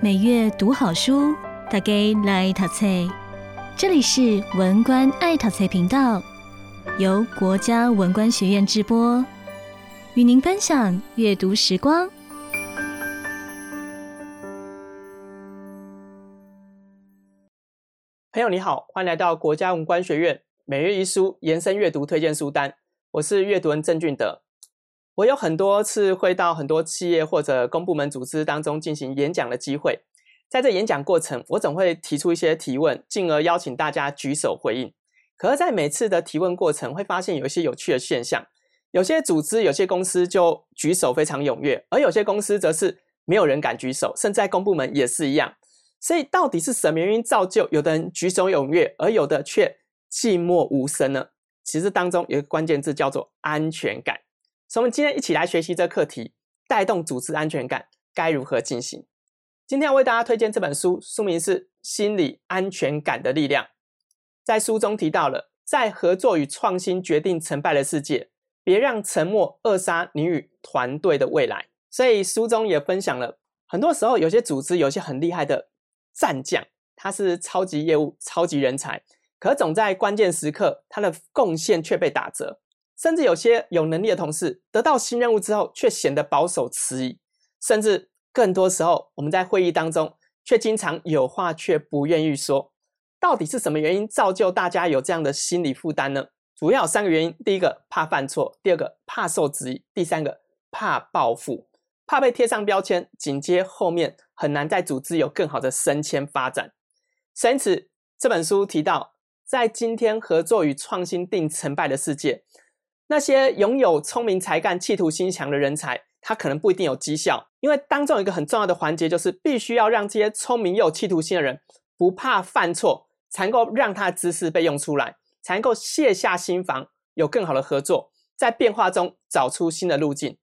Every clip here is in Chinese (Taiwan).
每月讀好書，大家來陶菜。這裡是文官愛陶菜頻道，由國家文官學院直播，與您分享閱讀時光。朋友你好，歡迎來到國家文官學院每月一書，延伸閱讀推薦書單。我是閱讀人鄭俊德。我有很多次會到很多企業或者公部門組織當中進行演講的機會，在這演講過程，我總會提出一些提問，進而邀請大家舉手回應。可是，在每次的提問過程，會發現有一些有趣的現象：有些組織、有些公司就舉手非常踴躍，而有些公司則是沒有人敢舉手，甚至在公部門也是一樣。所以，到底是什麼原因造就有的人舉手踴躍，而有的卻寂寞無聲呢？其實，當中有一個關鍵字叫做安全感。所以，我們今天一起來學習這課題，帶動組織安全感該如何進行。今天要為大家推薦這本書，書名是《心理安全感的力量》。在書中提到了，在合作與創新決定成敗的世界，別讓沉默扼殺你與團隊的未來。所以書中也分享了很多時候，有些組織，有些很厲害的戰將，他是超級業務、超級人才，可總在關鍵時刻，他的貢獻卻被打折。甚至有些有能力的同事得到新任務之後，卻顯得保守遲疑；甚至更多時候，我們在會議當中卻經常有話卻不願意說。到底是什麼原因造就大家有這樣的心理負擔呢？主要有三個原因：第一個怕犯錯，第二個怕受質疑，第三個怕報復、怕被貼上標籤，緊接後面很難在組織有更好的升遷發展。所以這本書提到，在今天合作與創新定成敗的世界。那些擁有聰明才幹、企圖心強的人才，他可能不一定有績效，因為當中有一個很重要的環節，就是必須要讓這些聰明又有企圖心的人不怕犯錯，才能夠讓他的知識被用出來，才能夠卸下心防，有更好的合作，在變化中找出新的路徑。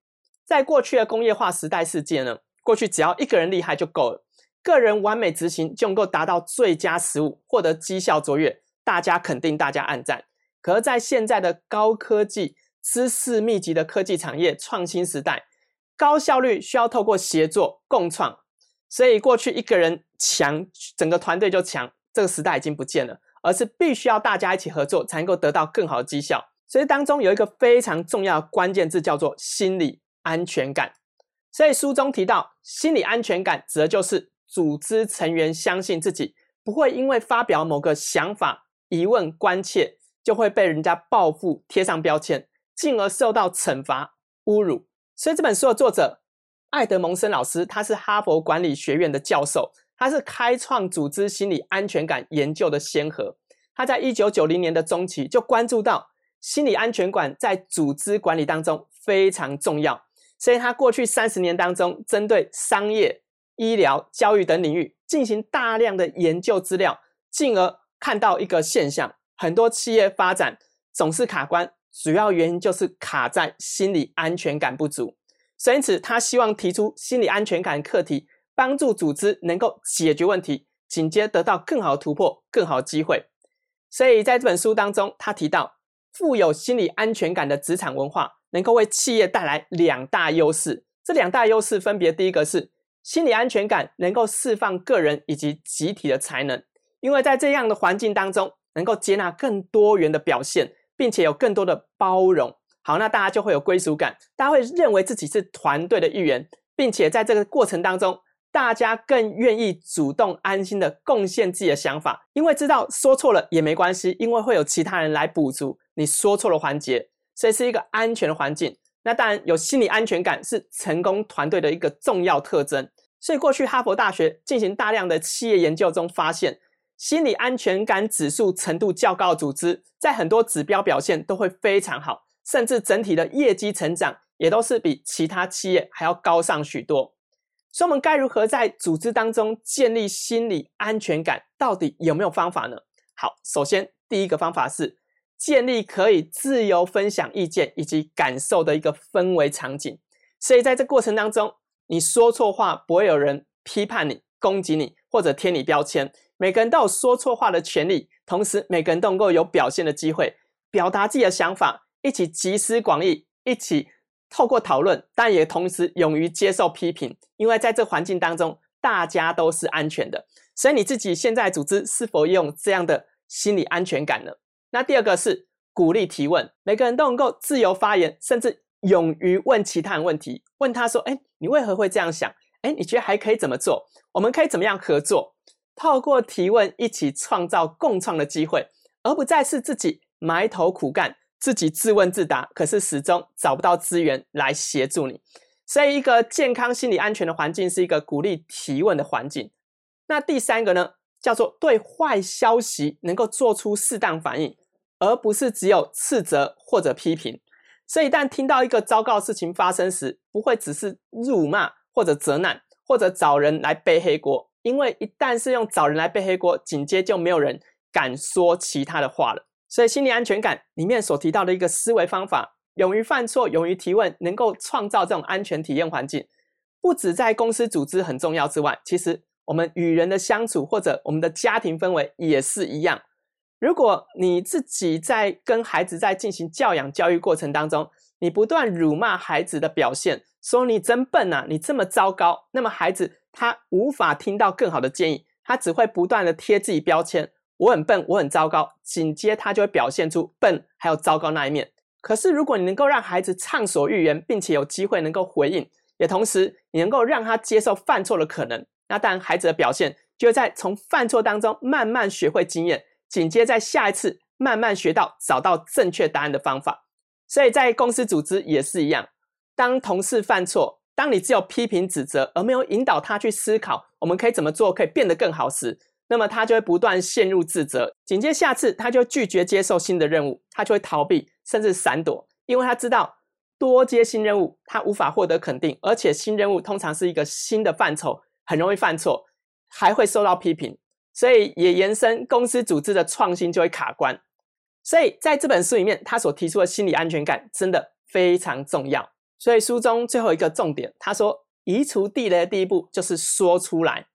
在過去的工業化時代世界呢，過去只要一個人厲害就夠了，個人完美執行就能夠達到最佳實務，獲得績效卓越，大家肯定，大家暗讚。可是在現在的高科技知識密集的科技產業創新時代，高效率需要透過協作共創，所以過去一個人強，整個團隊就強，這個時代已經不見了，而是必須要大家一起合作，才能夠得到更好的績效。所以當中有一個非常重要的關鍵字，叫做心理安全感。所以書中提到，心理安全感指的就是組織成員相信自己不會因為發表某個想法、疑問、關切。就會被人家報復，貼上標籤，進而受到懲罰、侮辱。所以這本書的作者艾德蒙森老師，他是哈佛管理學院的教授，他是開創組織心理安全感研究的先河。他在一九九零年的中期就關注到心理安全感在組織管理當中非常重要，所以他過去三十年當中，針對商業、醫療、教育等領域進行大量的研究資料，進而看到一個現象。很多企業發展總是卡關，主要原因就是卡在心理安全感不足。所以，因此他希望提出心理安全感課題，幫助組織能夠解決問題，緊接得到更好的突破、更好的機會。所以，在這本書當中，他提到，富有心理安全感的職場文化，能夠為企業帶來兩大優勢。這兩大優勢分別，第一個是心理安全感能夠釋放個人以及集體的才能，因為在這樣的環境當中。能夠接納更多元的表現，並且有更多的包容，好，那大家就會有歸屬感，大家會認為自己是團隊的一員，並且在這個過程當中，大家更願意主動安心的貢獻自己的想法，因為知道說錯了也沒關係，因為會有其他人來補足你說錯了環節，所以是一個安全的環境。那當然，有心理安全感是成功團隊的一個重要特徵。所以，過去哈佛大學進行大量的企業研究中發現。心理安全感指數程度較高的組織，在很多指標表現都會非常好，甚至整體的業績成長也都是比其他企業還要高上許多。所以，我們該如何在組織當中建立心理安全感，到底有沒有方法呢？好，首先第一個方法是建立可以自由分享意見以及感受的一個氛圍場景。所以，在這過程當中，你說錯話不會有人批判你、攻擊你。或者貼你標籤，每個人都有說錯話的權利，同時每個人都能夠有表現的機會，表達自己的想法，一起集思廣益，一起透過討論，但也同時勇於接受批評，因為在這環境當中，大家都是安全的。所以你自己現在組織是否有這樣的心理安全感呢？那第二個是鼓勵提問，每個人都能夠自由發言，甚至勇於問其他人問題，問他說：“哎、欸，你為何會這樣想？”哎，你覺得還可以怎麼做？我們可以怎麼樣合作？透過提問，一起創造共創的機會，而不再是自己埋頭苦幹，自己自問自答。可是始終找不到資源來協助你。所以，一個健康心理安全的環境是一個鼓勵提問的環境。那第三個呢，叫做對壞消息能夠做出適當反應，而不是只有斥責或者批評。所以，一旦聽到一個糟糕事情發生時，不會只是辱罵。或者責難，或者找人來背黑鍋，因為一旦是用找人來背黑鍋，緊接就沒有人敢說其他的話了。所以，心理安全感裡面所提到的一個思維方法，勇於犯錯，勇於提問，能夠創造這種安全體驗環境，不只在公司組織很重要之外，其實我們與人的相處，或者我們的家庭氛圍也是一樣。如果你自己在跟孩子在進行教養教育過程當中，你不斷辱罵孩子的表現，說你真笨啊，你這麼糟糕。那麼孩子他無法聽到更好的建議，他只會不斷地貼自己標籤，我很笨，我很糟糕。緊接他就會表現出笨還有糟糕那一面。可是如果你能夠讓孩子暢所欲言，並且有機會能夠回應，也同時你能夠讓他接受犯錯的可能，那當然孩子的表現就會在從犯錯當中慢慢學會經驗，緊接在下一次慢慢學到找到正確答案的方法。所以在公司組織也是一樣，當同事犯錯，當你只有批評指責而沒有引導他去思考我們可以怎麼做，可以變得更好時，那麼他就會不斷陷入自責。緊接下次他就拒絕接受新的任務，他就會逃避甚至閃躲，因為他知道多接新任務他無法獲得肯定，而且新任務通常是一個新的範疇，很容易犯錯，還會受到批評。所以也延伸公司組織的創新就會卡關。所以，在這本書裡面，他所提出的心理安全感真的非常重要。所以，書中最後一個重點，他說，移除地雷的第一步就是說出來，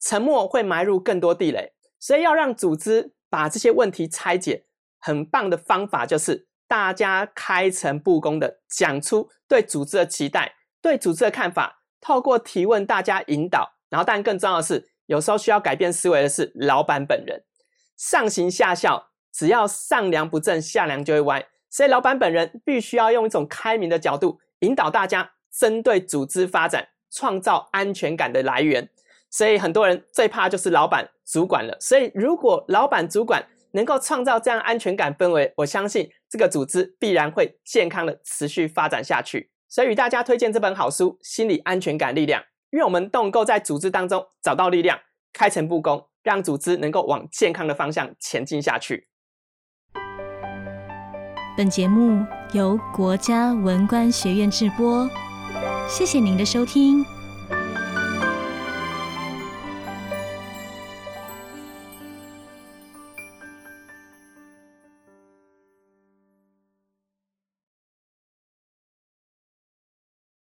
沉默會埋入更多地雷。所以，要讓組織把這些問題拆解，很棒的方法就是大家開誠布公地講出對組織的期待、對組織的看法。透過提問，大家引導。然後，但更重要的是，有時候需要改變思維的是老闆本人，上行下效。只要上梁不正，下梁就會歪。所以老闆本人必須要用一種開明的角度，引導大家針對組織發展創造安全感的來源。所以很多人最怕就是老闆主管了。所以如果老闆主管能夠創造這樣安全感氛圍，我相信這個組織必然會健康的持續發展下去。所以與大家推薦這本好書《心理安全感力量》，因為我們都能夠在組織當中找到力量，開誠布公，讓組織能夠往健康的方向前進下去。本節目由國家文官學院製播，謝謝您的收聽。